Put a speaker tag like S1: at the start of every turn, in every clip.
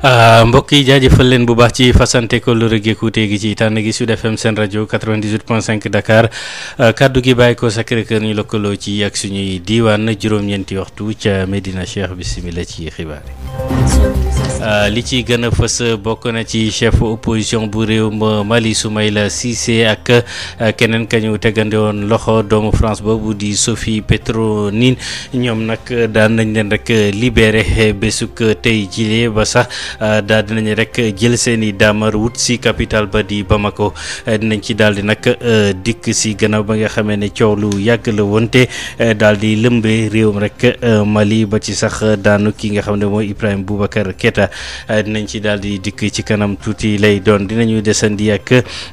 S1: Ah, mbokk yi jaajëfal leen bu baax ci fasante ko lërëg écouté gi ci tànn gi Sud FM seen rajo 98.5 Dakar ah, kaddu gi bàyyi ko Sacré Cœur ñu lëkkaloo ci ak suñuy diiwaan juróom-ñeenti waxtu ca Medina Cheikh bisimilah ci xibaar yi. Euh, li ci gën a fës bokk na ci chef opposition bu réew Mali Soumaïla Cissé ak euh, keneen ka ñu tegande woon loxo doomu France boobu di Sophie Petronin ñoom nag daan nañ leen rek libéré bésuk tey jilee ba sax euh, daal dinañ rek jël seen i daamar wut si capital ba di Bamako dinañ ci daal di nag dikk si gannaaw ba nga xamee ne coow lu yàgg la wonte daal di lëmbee réewum rek Mali ba ci sax daanu ki nga xam ne mooy Ibrahim Boubacar keta Eh, dinañ ci daal di dikk ci kanam tuuti lay doon dinañu desandi ak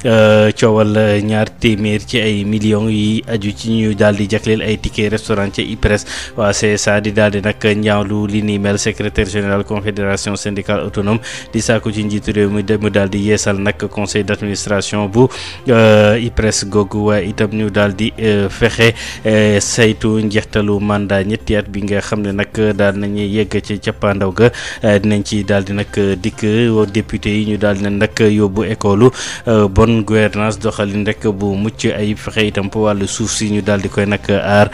S1: eh, coowal eh, ñaar téeméer ci ay millions yi aju ci ñu daal di jagleel ay ticket restaurant ci IPRES waa CSA di daal di ñaalu li ni mel secrétaire général confédération syndicale autonome di sàkku ci njiitu réew mi dem daal di yeesal nag conseil d' administration bu IPRES googu waaye itam ñu daal di fexe saytu njeextalu mandat ñetti at bi nga xam ne nag daal nañuy yegg ci cappaandaw ga dinañ ci daal di nag euh, dikk euh, député yi ñu daal di nag euh, yóbbu école bonne gouvernance doxalin rek bu mucc ay fexe itam po wàllu suuf si ñu daal di koy nag aar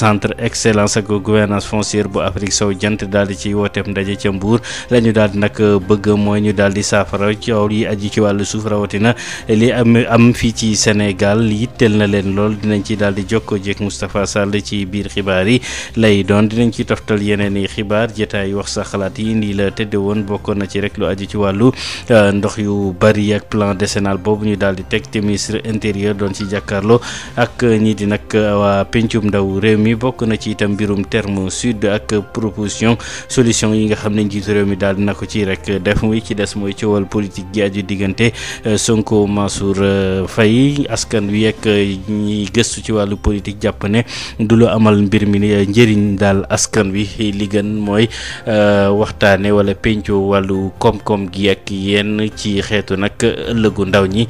S1: centre excellence ak gouvernance foncière bu Afrique sow jant daal di ci wooteem ndaje ca Mbour la ñu daal di nag bëgg mooy ñu daal di saafara coow yi aji ci wàllu suuf rawatina li am am fii ci Sénégal yitteel na leen lool dinañ ci daal di jokkoo jeeg Moustapha Sall ci biir xibaar yi lay doon dinañ ci toftal yeneen xibaar jotaay woon bokkoon na ci rek lu aju ci wàllu euh, ndox yu bari ak plan décennal boobu ñu daal di teg te ministre intérieur doon ci jàkkaarloo ak euh, ñii di nag euh, waa pencum ndaw réew mi bokk na ci itam mbirum terme sud ak proposition solution yi nga xam ne njiitu réew mi daal dina ko ci rek def muy ci des mooy coowal politique gi aju diggante Sonko Mansour fay askan wi ak ñi gëstu ci wàllu politique jàpp ne du lu amal mbir mi njëriñ daal askan wi li gën mooy waxtaane wala penc ci wàllu koom-koom gi ak yenn ci xeetu nag ëllëgu ndaw ñi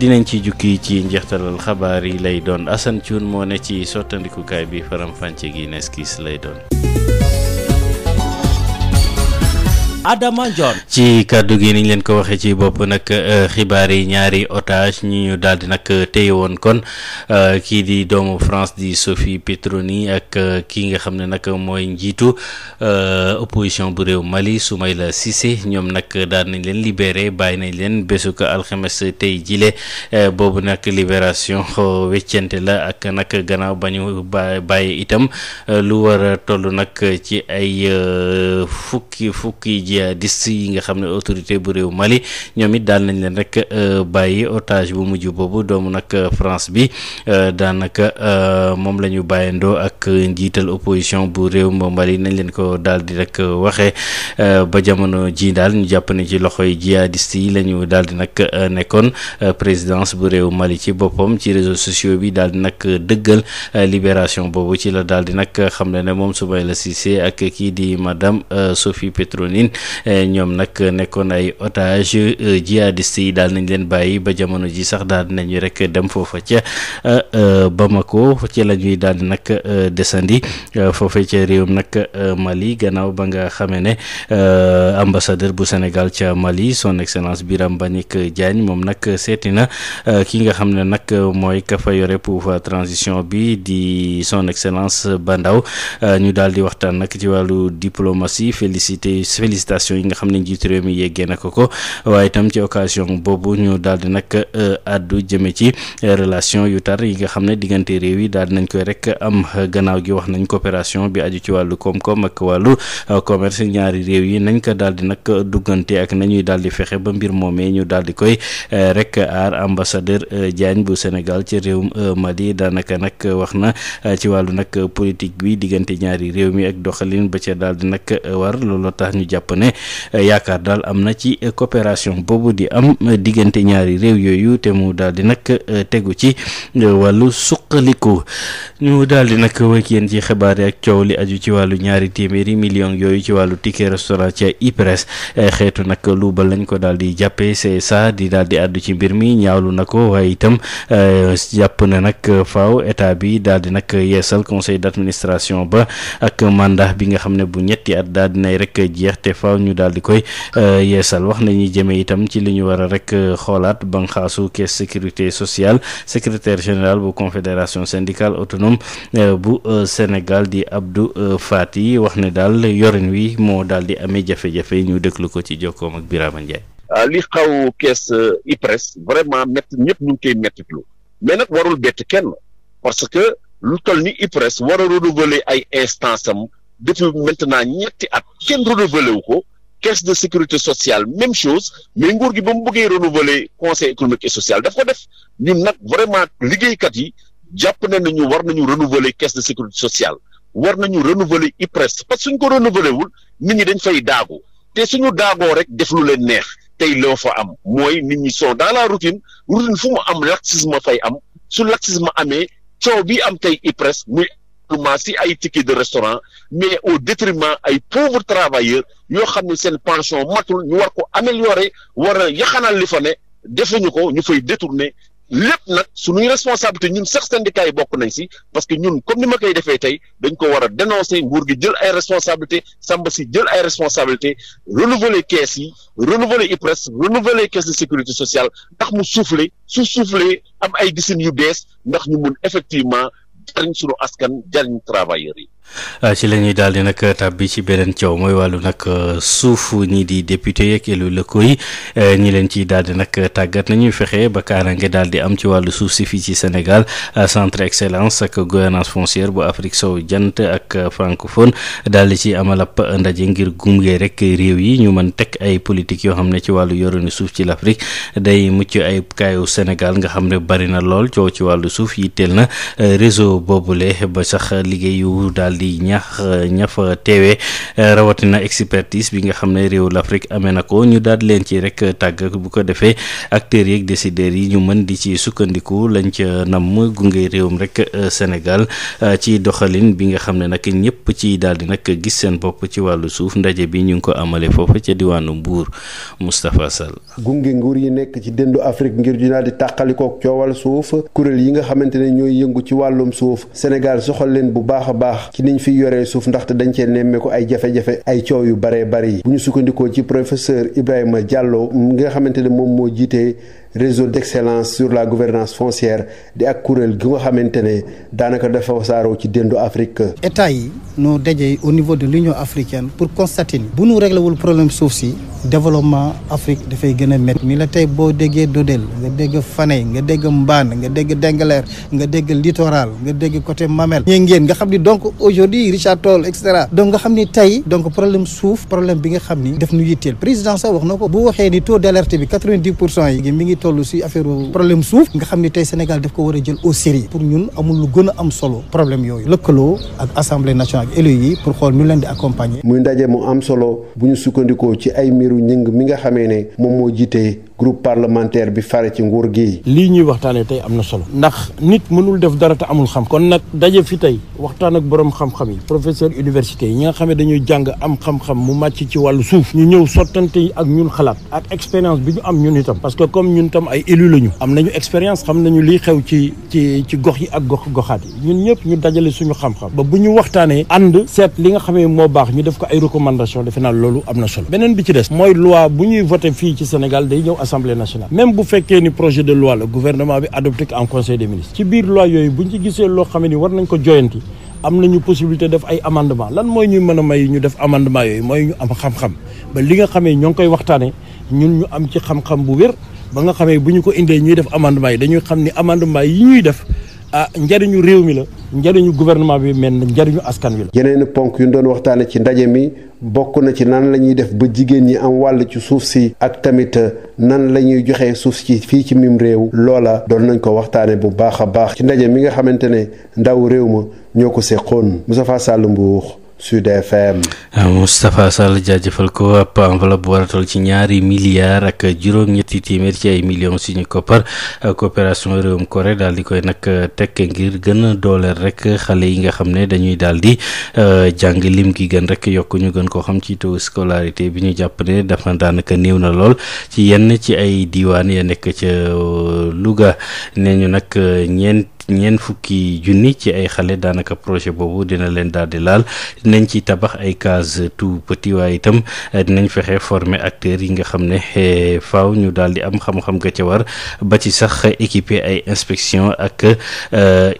S1: dinañ ci jukki ci njeextalal xabaar yi lay doon Assane Thioune moo ne ci sottandikukaay bi faram-fàcce gi neskis lay doon. Adama ci kàddu gi niñ leen ko waxee ci bopp nag euh, xibaar yi ñaari otage ñi ñu daal di nag euh, téye woon kon euh, kii di doomu France di Sophie Petroni ak kii nga xam ne nag mooy njiitu opposition bu réew Mali la Cissé ñoom nag daal nañ leen libéré bàyyi nañ leen bésu ko alxames tey jile boobu nag libération weccente la ak nag gannaaw ba ñu bàyyi itam lu war a toll nag ci ay fukki fukki jihadiste yi nga xam ne autorité bu réew Mali ñoom it daal nañ leen rek euh, bàyyi otage bu mujj boobu doomu nag euh, France bi euh, daanaka moom la ñu bàyyandoo ak njiital opposition bu réew Mali nañ leen ko daal di rek waxee ba jamono ji daal ñu jàpp ne ci loxoy jihadiste yi la ñu daal di nag nekkoon présidence bu réew Mali ci boppam ci réseau sociaux bi daal di nag dëggal libération boobu ci la daal di nag xam ne ne moom Soumaïla Cissé ak kii di madame Sophie Petronin Eh, ñoom nag nekkoon ay otage eh, jihadiste yi daal nañ leen bàyyi ba jamono ji sax daal nañu rek dem foofa ca eh, Bamako ci la ñuy daal di nag desandi foofa ca réewum nag Mali gannaaw ba nga xamee ne ambassadeur bu Sénégal ca Mali son excellence ba Mbagnick Diagne moom nag seeti na ki nga xam ne nag mooy ka yore pouvoir transition bi di son excellence ndaw ñu daal di waxtaan nag ci wàllu diplomatie félicité félicité arrestation yi nga xam ne njiitu réew mi yeggee na ko ko waaye itam ci occasion boobu ñu daal di àddu euh, jëme ci euh, relation yu tar yi nga xam ne diggante réew yi daal di nañ koy rek am euh, gannaaw gi wax nañ coopération bi ci wàllu koom-koom ak wàllu commerce ñaari réew yi nañ ko daal di nag duggante ak nañuy daal di fexe ba mbir moomee ñu daal di koy rek aar ambassadeur Diagne bu Sénégal ci réewum Mali daanaka nag wax na ci wàllu nag politique bi diggante ñaari réew mi ak doxalin ba ca daal di war looloo tax ñu jàpp ne eh, yaakaar daal am na ci eh, coopération boobu di am eh, diggante ñaari réew yooyu te mu daal di nag tegu ci wàllu suqaliku ñu daal di nag wëkk yéen ci xibaar yi ak coow li aju ci wàllu ñaari téeméeri millions yooyu ci wàllu ticket restaurant ca IPRES xeetu nag ba lañ ko daal di jàppee CSA di daal di àddu ci mbir mi ñaawlu na ko waaye itam jàpp na nag faw état bi daal di nag yeesal conseil d'administration ba ak mandat bi nga xam ne bu ñetti at daal dinay rek faaw ñu daal di koy euh, yeesal wax nañu jëmee itam ci li ñu war a rek euh, xoolaat banxaasu caisse sécurité sociale secrétaire général bu confédération syndicale autonome euh, bu Sénégal di Abdou Fati wax ne daal yorin wi moo daal di amee jafe-jafe ñu déglu ko ci jokkoom ak Birama Ndiaye.
S2: Ah, li xaw caisse IPRES vraiment métti ñëpp ñu koy méttitlu mais warul bett kenn parce que lu toll ni IPRES war a ay instance am depuis maintenant ñetti at kenn renouvelé wu ko caisse de sécurité sociale même chose mais nguur gi ba mu bëggee renouveler conseil économique et social daf ko def ñun nag vraiment liggéeykat yi jàpp ne nañu war nañu renouveler caisse de sécurité sociale war nañu renouveler IPRES parce que suñ ko renouveler wul nit ñi dañ fay daagu te suñu daagoo rek def lu leen neex tey loo fa am mooy nit ñi sont dans la routine routine fu mu am laxisme fay am su laxisme amee coow bi am tey IPRES ma si ay ticket de restaurant mais au détriment ay pauvres travailleurs yoo xam ne seen pension matul ñu war ko améliorer war yaxanal li fa ne defuñu ko ñu fay détourner lépp nag suñuy responsabilité ñun sax syndicats yi bokk nañ si parce que ñun comme ni ma koy defee tey dañ ko war dénoncer nguur gi jël ay responsabilité samba si jël ay responsabilité renouveler caisse yi renouveler IPRES renouveler caisse de sécurité sociale ndax mu souffler su souffler am ay gisin jariñ sunu askan jariñ travailleurs yi
S1: Euh, ci la ñuy daal di nag tàbbi ci beneen coow mooy wàllu nag euh, suuf ñii di député yeeg élu locaux yi euh, ñi leen ciy daal nag tàggat nañuy fexe ba kaaraange daal di am ci wàllu suuf si fii ci senegal centre excellence ak gouvernance foncière bu Afrique sow jant ak francophone daal di ci amala ab ndaje ngir gunge rek réew yi ñu mën teg ay politique yoo xam ne ci wàllu yorinu suuf ci l'Afrique day mucc ay kaayu senegal nga xam ne bari na lool coow ci wàllu suuf yitteel na réseau boobule ba sax daal di ñax ña fa teewee rawatina expertise bi nga xam ne réew l'Afrique amee na ko ñu daal leen ci rek tàgg bu ko defee acteurs yeeg décideurs yi ñu mën di ci sukkandiku lañ ca namm gunge réewam rek Sénégal ci doxalin bi nga xam ne nag ñëpp ci daal di nag gis seen bopp ci wàllu suuf ndaje bi ñu ngi ko amalee foofu ca diwaanu mbuur Moustapha Sall.
S3: gunge nguur yi nekk ci dëndu Afrique ngir ñu daal di tàqalikook coowal suuf kuréel yi nga xamante ne ñooy yëngu ci wàllum suuf Sénégal bu baax a baax. ci niñ fi yoree suuf ndaxte dañ cee nemmeeku ay jafe-jafe ay coow yu bare bari yi bu ñu sukkandikoo ci professeur Ibrahima Diallo nga xamante ne moom moo jiitee réseau d'excellence sur la gouvernance foncière di ak kuréel gi nga xamante ne daanaka dafa wasaaroo ci déndu Afrique. état yi
S4: ñoo dajee au niveau de l'Union africaine pour constater bu nu réglé wul problème suuf si développement Afrique dafay gën a métti. ni la tey boo déggee Dodel nga dégg Fane nga dégg Mbane nga dégg Dengler nga dégg littoral nga dégg côté Mamel. ñee ngeen nga xam ni donc aujourd'hui Richard Toll et cetera. donc nga xam ni tey donc problème suuf problème bi nga xam ni. daf ngi. tollu si affaire problème suuf nga xam ne tey Sénégal daf ko war a jël au sérieux pour ñun amul lu gën a am solo problème yooyu lëkkaloo ak assemblée nationale ak élus yi pour xool ñu leen di accompagner.
S3: muy ndaje mu am solo bu ñu sukkandikoo ci ay mbiru ñëng mi nga xamee ne moom moo jiitee groupe parlementaire bi fare ci nguur gi. lii ñuy waxtaanee tey am na solo.
S2: ndax nit mënul def dara te amul xam. kon nag daje fi tey waxtaan ak borom xam-xam yi. professeur université yi nga xam ne dañuy jàng am xam-xam mu màcc ci wàllu suuf. ñu ñëw sottante yi ak ñun xalaat. ak expérience bi ñu am ñun itam. parce que comme ñun tam ay élu la am na expérience xam xew gox yi ak gox goxaat yi ñun ñëpp ñu dajale suñu xam-xam. ba bu ñu waxtaanee ànd seet li nga xamee moo baax ñu def ko ay recommandation defe naa loolu am na solo beneen bi ci des mooy assemblée nationale même bu fekkee ni projet de loi la gouvernement bi adopté ko en conseil des ministres ci biir loi yooyu bu ñu ci gisee loo xam ni war nañ ko joyanti am nañu possibilité def ay amandement lan mooy ñuy mën a may ñu def amandement yooyu mooy ñu am xam-xam ba li nga xamee ñoo ngi koy waxtaanee ñun ñu am ci xam-xam bu wér ba nga xamee bu ñu ko indee ñuy def amandement yi dañuy xam ni amendement yi ñuy def ah njariñu réew mi la njariñu gouvernement bi mel na njariñu askan wi la.
S3: yeneen ponk yu doon waxtaanee ci ndaje mi bokk na ci nan la ñuy def ba jigéen ñi am wàll ci suuf si ak tamit ah, nan la ñuy joxe suuf si fii ci mim réew. loola doon nañ ko waxtaanee bu baax a baax. ci ndaje mi nga xamante ne ndaw réew ma ñoo ko seqoon Moustapha Sall Mbour Sud FM.
S1: Ah, Moustapha Sall jaajëfal ko ab enveloppe bu war ci ñaari milliards ak juróom-ñetti téeméer ci ay millions suñu koppar ah, coopération réewum Corée daal di koy nag ah, tekk ngir gën dooleel rek xale yi nga xam ne dañuy daal di jàng lim gi gën rek yokku ñu gën koo xam ci taux scolarité bi ñu jàpp ne dafa daanaka néew na lool ci yenn ci ay diwaan ya nekk ca oh, Louga nee ñu nag ñeent. ñeent fukki junni ci ay xale daanaka projet boobu dina leen daal di laal dinañ ci tabax ay case tout petit waaye itam eh, dinañ fexe forme acteurs yi nga xam ne eh, faaw ñu daal di am xam-xam ga ca war ba ci sax équiper ay inspection ak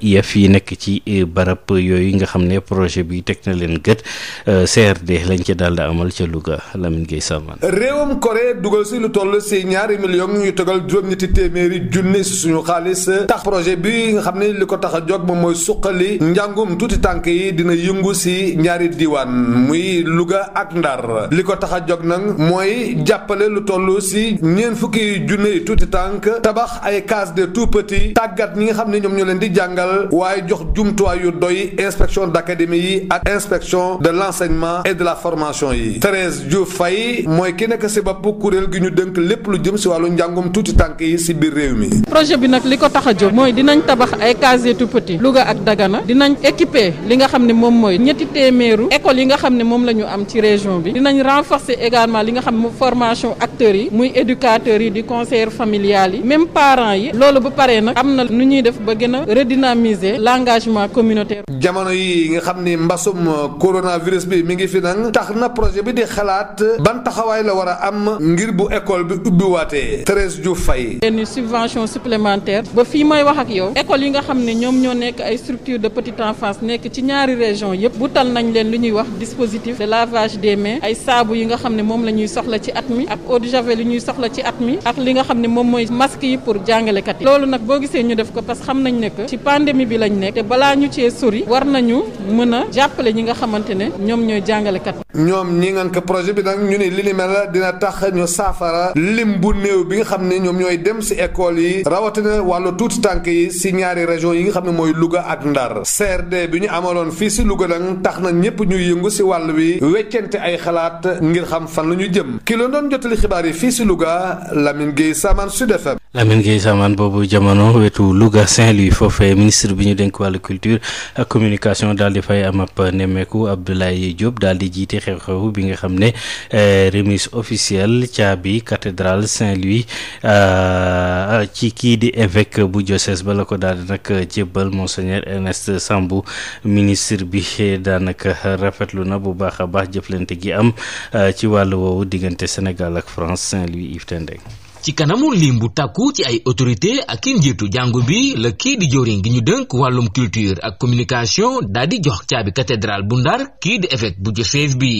S1: ya eh, yi nekk ci barab yooyu nga xam ne projet bi teg na leen gët CRD lañ ci daal di amal ca Louga Lamine Gueye Salman
S5: réewum Corée dugal si lu toll si ñaari millions ñu tegal juróom-ñetti téeméeri junni suñu xaalis tax projet bi xam ne li ko tax a jóg moom mooy suqali njàngum tuuti tànk yi dina yëngu si ñaari diiwaan muy Louga ak Ndar li ko tax a jóg nag mooy jàppale lu toll si ñeent fukki junne yi tuuti tànk tabax ay case de tout petit tàggat ñi nga xam ne ñoom ñoo leen di jàngal waaye jox jumtuwaay yu doy inspection d'académie yi ak inspection de l'enseignement et de la formation yi Thérèse Diouf Faye mooy ki si bopp kuréel gi ñu dënk lépp lu jëm si wàllu njàngum tuuti tànk yi si biir réew mi
S6: projet bi nag li ko tax a jóg mooy dinañ tabax ay casier tout petit Louga ak Dagana dinañ équiper li nga xam ne moom mooy ñetti téeméeru école yi nga xam ne moom la ñu am ci région bi dinañ renforcer également li nga xam ne formation acteurs yi muy éducateurs yi di conseillers familial yi même parent yi loolu bu paree nag am na nu ñuy def ba gën a redynamiser l'engagement communautaire.
S5: jamono yi nga xam ni mbasum coronavirus bi mi ngi fi nag tax na projet bi di xalaat ban taxawaay la war a am ngir bu école bi ubbiwaatee Thérèse Diouf Faye.
S6: benn subvention supplémentaire ba fii may wax ak yow nga xam ne ñoom ñoo nekk ay structure de petite enfance nekk ci ñaari région yëpp wutal nañ leen lu ñuy wax dispositif de lavage des mains ay saabu yi nga xam ne moom la ñuy soxla ci at mi ak eau de javel yi ñuy soxla ci at mi ak li nga xam ne moom mooy masque yi pour jàngalekat yi loolu nag boo gisee ñu def ko parce que xam nañ ne que ci pandémie bi lañ nekk te balaa ñu cee sori war nañu mën a jàppale ñi nga xamante ne ñoom ñooy jàngalekat
S5: ñoom ñi ngan projet bi nag ñu ne li ni mel dina tax ñu saafara lim bu néew bi nga xam ne ñoom ñooy dem si école yi rawatina wàllu tuuti tànk yi si ñaari région yi nga xam ne mooy Louga ak Ndar CRD bi ñu amaloon fii si Louga nag tax na ñëpp ñuy yëngu si wàll wi weccente ay xalaat ngir xam fan la ñu jëm ki la doon jotali xibaar yi fii si Louga Lamine Gueye Samane Sud FM
S1: Lamine Gueye Samane boobu jamono wetu Louga Saint-Louis foofee ministre bi ñu dénk wàllu culture ak communication daal di fay am ab nemmeeku Abdoulaye jóob daal di jiite xew-xew bi nga xam ne eh, remise officielle caabi cathédrale Saint-Louis euh, ci kii di évêque bu joses bala ko dal di nag jébbal monseigneur Ernest Sambou ministre bi eh, daanaka rafetlu na bu baax a baax jëflante gi am euh, ci wàll woowu diggante Sénégal ak France Saint-Louis Yves Tendeng
S7: ci kanamu lim bu tàkku ci ay autorité ak i njiitu jàngu bi la kii di jëwriñ gi ñu dënk wàllum culture ak communication daal di jox caabi cathédrale bu ndar kii di évêque bu Joseph bi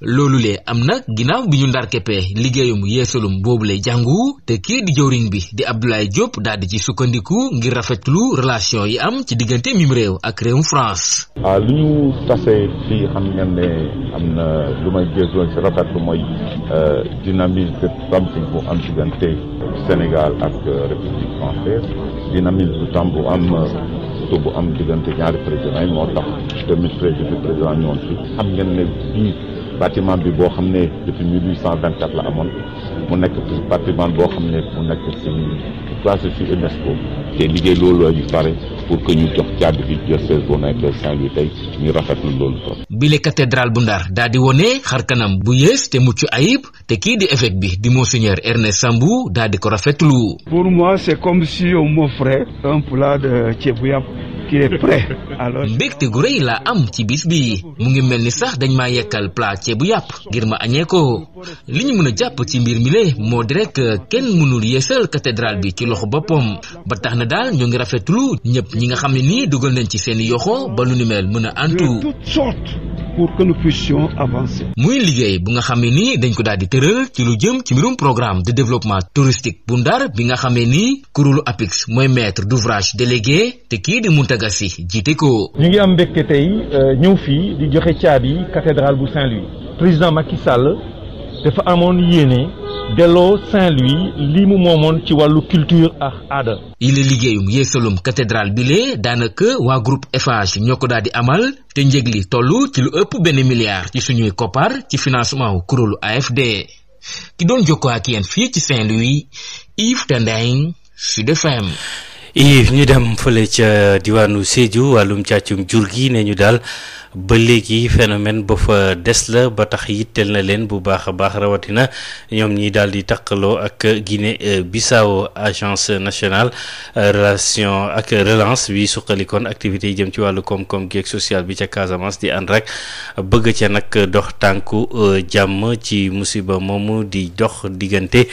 S7: loolu lee am na ginnaaw bi ñu ndarkeppee liggéeyum yeesalum boobu lay jàngu te kii di jëwriñ bi di Abdoulaye Diop daal di ci sukkandiku ngir rafetlu relation yi am ci diggante mim réew ak réewum France.
S2: ah li ñu tasee fii xam ngeen ne am na lu may gëstu si rafetlu mooy euh, dynamisme something bu am diggante Sénégal ak euh, République française dynamisme tam bu am. Euh, te bu am diggante ñaari président yi moo tax 2013 bi président ñëwoon fi xam ngeen ne bâtiment bi boo xam ne depuis 1824 la amoon boo xam ne mu nekk ci classé ci UNESCO te liggéey loolu aju pare pour que ñu jox caabi fi diocèse bu nekk Saint-Louis tey ñu rafetlu loolu trop.
S7: bile bu Ndar daal di wone xarkanam bu yées te mucc ayib te kii di évêque bi di monseigneur Ernest sambu daal di ko rafetlu.
S3: pour moi c'est comme si on gu rëy laa am ci bis bi
S7: mu ngi mel ni sax dañ maa yekkal plat ceebu yàpp ngir ma añee ko li ñu mën a jàpp ci mbir mi le moo di rek kenn mënul yeesal cathédrale bi ci loxo boppam ba tax na daal ñoo ngi rafetlu ñëpp ñi nga xam ne nii dugal nañ ci seen yoxo ba lu ni mel mën a antu pour que nous muy liggéey bu nga xam ne nii dañ ko daal di tëral ci lu jëm ci mbirum programme de développement touristique bu Ndar bi nga xamee ni kuréelu APIX mooy maître d'ouvrage délégué te kii di Mountaga Sy jiite ko.
S2: ñu ngi am mbégte tey euh, ñëw fii di joxe caabi cathédrale bu Saint-Louis président Macky Sall dafa amoon yéene. delloo Saint-Louis lii mu moomoon ci wàllu culture ak aada.
S7: yile liggéeyum yeesalum cathédrale bile daanaka waa groupe Eiffage ñoo ko daal di amal te njëg li toll ci lu ëpp benn milliard ci suñuy koppar ci financement wu kuréelu AFD ki doon jokkoo ak yéen fii ci Saint-Louis Yves Tendeng Sud FM.
S1: Yves ñu dem fële ca diwaanu Sédhiou wàllum càccum jur gi ne ñu daal. ba léegi phénomène ba fa des la ba tax yitteel na leen bu baax a baax rawatina ñoom ñi daal di takkaloo ak Guinée euh, Bissau agence nationale euh, relation ak relance bi suqalikoon activités yi jëm ci wàllu koom-koom geeg social bi ca Casamance di ànd rek bëgg ca nag dox tànku euh, jàmm ci musiba moomu di dox diggante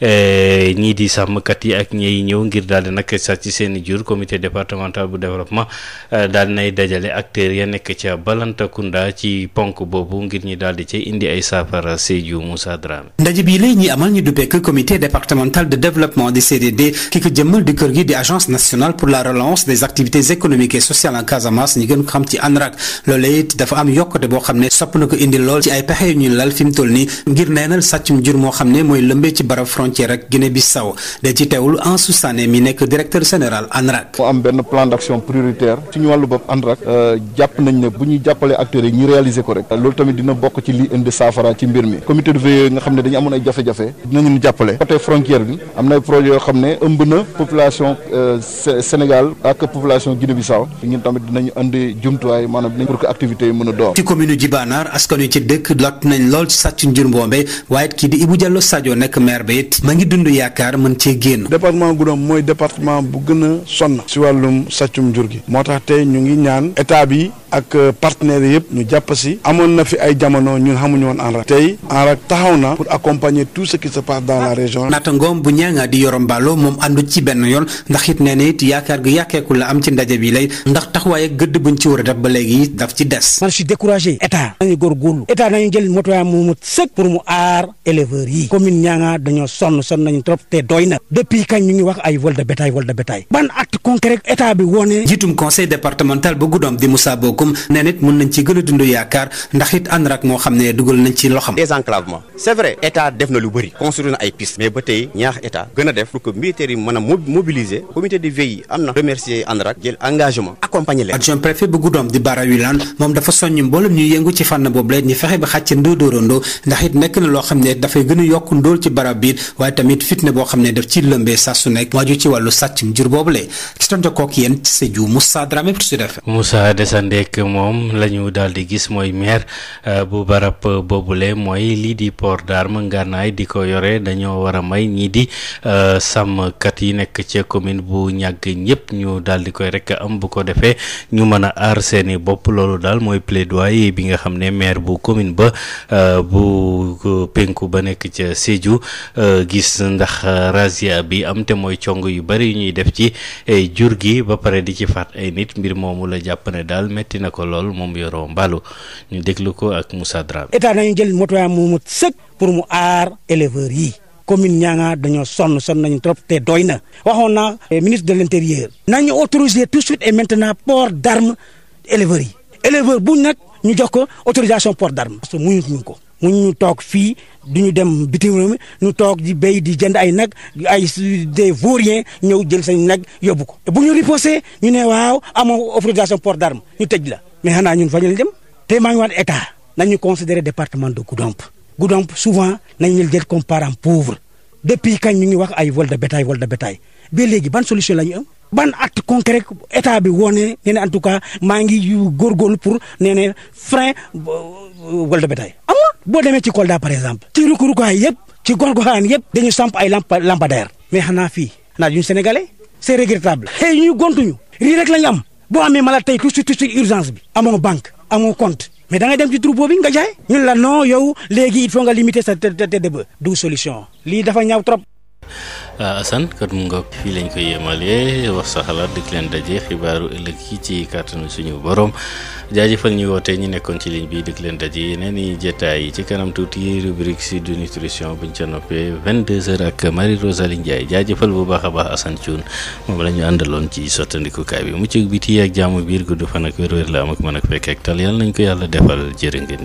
S1: ñii di sàmmkat yi ak ñiy ñëw ngir daal di nag sax ci seeni i jur comité départemental bu développement daal nay dajale acteurs ya nekk ca. Balantakunda ci ponk boobu ngir ñi daal di ci indi ay saafara Sédhiou Moussa Dramé.
S4: ndaje bii ñi amal ñu duppee comité départemental de développement di CDD ki ko jëmmal di kër gi di agence nationale pour la relance des activités économiques et sociales en Casamance ñi gën ko xam ci ANRAC loolee dafa am yokkute boo xam ne sopp na ko indi lool ci ay pexe yu ñu lal fi toll nii ngir neenal sàccum jur moo xam ne mooy lëmbee ci barab frontière ak Guinée Bissau mi nekk directeur général ANRAC.
S2: mu am benn ñuy jàppale acteurs yi ñu réaliser ko rek loolu tamit dina bokk ci li indi saafara ci mbir mi comité de veille nga xam ne dañu amoon ay jafe-jafe dinañu ñu jàppale côté frontière bi am na ay projet yoo xam ne ëmb na population euh, Sénégal ak population Guinée-Bissau ñun tamit dinañu indi jumtuwaay maanaam dinañ pour que activités yi mën a door ci
S4: commune Djibanaar askan wi ci dëkk lot nañ lool ci sàcc njur mboombe waaye kii di Ibou Diallo Sadio nekk maire ba it ma ngi dund yaakaar mën cee gi
S2: moo tax tey ñu ngi ñaan état bi ak euh, partenaires yëpp ñu jàpp si amoon na fi ay jamono ñun xamuñu woon ANRAC tey ANRAC taxaw na pour accompagner tout ce qui se passe dans la région.
S4: naatangoom bu ñaanga di Yoro Mballo moom àndu ci benn yoon
S2: ndax it nee na it yaakaar
S4: gu yàkkeeku la am ci ndaje bi lay ndax taxawaay gëdd buñ ci war a def ba léegi daf ci des. man je suis découragé
S8: état nañu góorgóorlu état nañu jël motoya mu mu sëkk pour mu aar éleveurs yi commune ñaanga dañoo sonn sonn nañu trop te doy na depuis kañ ñu ngi wax ay vol
S4: it mën nañ ci gën a dund yaakaar ndax it ANRAC moo xam ne dugal nañ ci loxam. désenclavement
S8: c'est vrai état def na lu bëri construire na ay piste mais ba tey ñaax état gën a def pour que militaires yi mën a mobiliser comité de veille am na remercier ANRAC jël engagement
S4: accompagner leen. adjoint préfet bu Goudomp di Bara Wilane moom dafa soññ mboolem ñuy yëngu ci fànn boobu la ñu fexe ba xàcc ndóodóorandoo ndax it nekk na loo xam ne dafay gën a yokk ndóol
S1: moom la ñu daal di gis mooy maire euh, bu barab boobule mooy lii di port d'arme ngànnaay di ko yore dañoo war a may ñii di euh, sàmm kat yi nekk ci commune bu ñàgg ñëpp ñu daal di koy rek am bu ko defee ñu mën a aar seeni bopp loolu daal mooy plaidoyer bi nga xam ne maire bu commune ba euh, bu penku ba nekk ca Sédhiou gis ndax razia bi am te mooy cong yu bari yu ñuy def ci eh, jur gi ba pare di ci faat ay nit mbir moomu la daal metti na ko lool loolu moom Yoro Mballo ñu déglu ko ak Moussa Dramé.
S8: état nañu jël motuwaay mu mot sëkk pour mu aar éleveurs yi. commune Nianga dañoo sonn sonn nañu trop te doy na. waxoon na eh, ministre de l' intérieur. nañu autoriser tout de suite et maintenant port d' arme éleveurs yi. éleveur bu nag ñu jox ko autorisation port d' arme. parce que ko. mu ñu toog fii du ñu dem bitim réew mi ñu toog di béy di jënd ay nag ay des vauriens ñëw jël sañ nag yóbbu ko. bu ñu riposé ñu ne waaw amoo autorisation port d' ñu mais xanaa ñun fa ñu dem te maa ngi wax état nañu considérer département de Goudomp Goudomp souvent nañu leen jël comme parent pauvre depuis kañ ñu ngi wax ay vol de bétail vol de bétail ba léegi ban solution la ñu am ban at concret état bi woonee ne ne en tout cas maa ngi góorgóorlu pour nee ne frein euh, vol de bétail am boo demee ci Kolda par exemple ci rukurukaay yëpp ci gox-goxaan yëpp dañu ay lampa lampadaire mais xanaa fii xanaa duñu sénégalais c'est regrettable xëy ñu gontuñu lii rek lañ am boo amee malade tey tout de suite tout bi amoon banque amoo compte mais da dem ci troupeau bi nga jaay ñun la non yow léegi il faut nga limiter sa tête de bœuf du solution lii dafa ñaw trop.
S1: Euh, Assane kon mu ngoog fii lañ ko yéemalee wax sa xalaat leen daje xibaaru ëllëg yi ci kàttanu suñu borom jaajëfal ñu woote ñi nekkoon ci ligne bi dik leen daje yeneen i jetaay yi ci kanam tuuti rubrique sud nutrition buñ ca noppee 22h ak Marie Rosalie Ndiaye jaajëfal bu baax a baax Assane Thioune moom lañu ñu àndaloon ci sottandikukaay bi mucc biti ak jaamu biir gudd fan ak wér la am ak mën ak fekk ak tal yàlla nañ ko yàlla defal
S7: jërë ngeen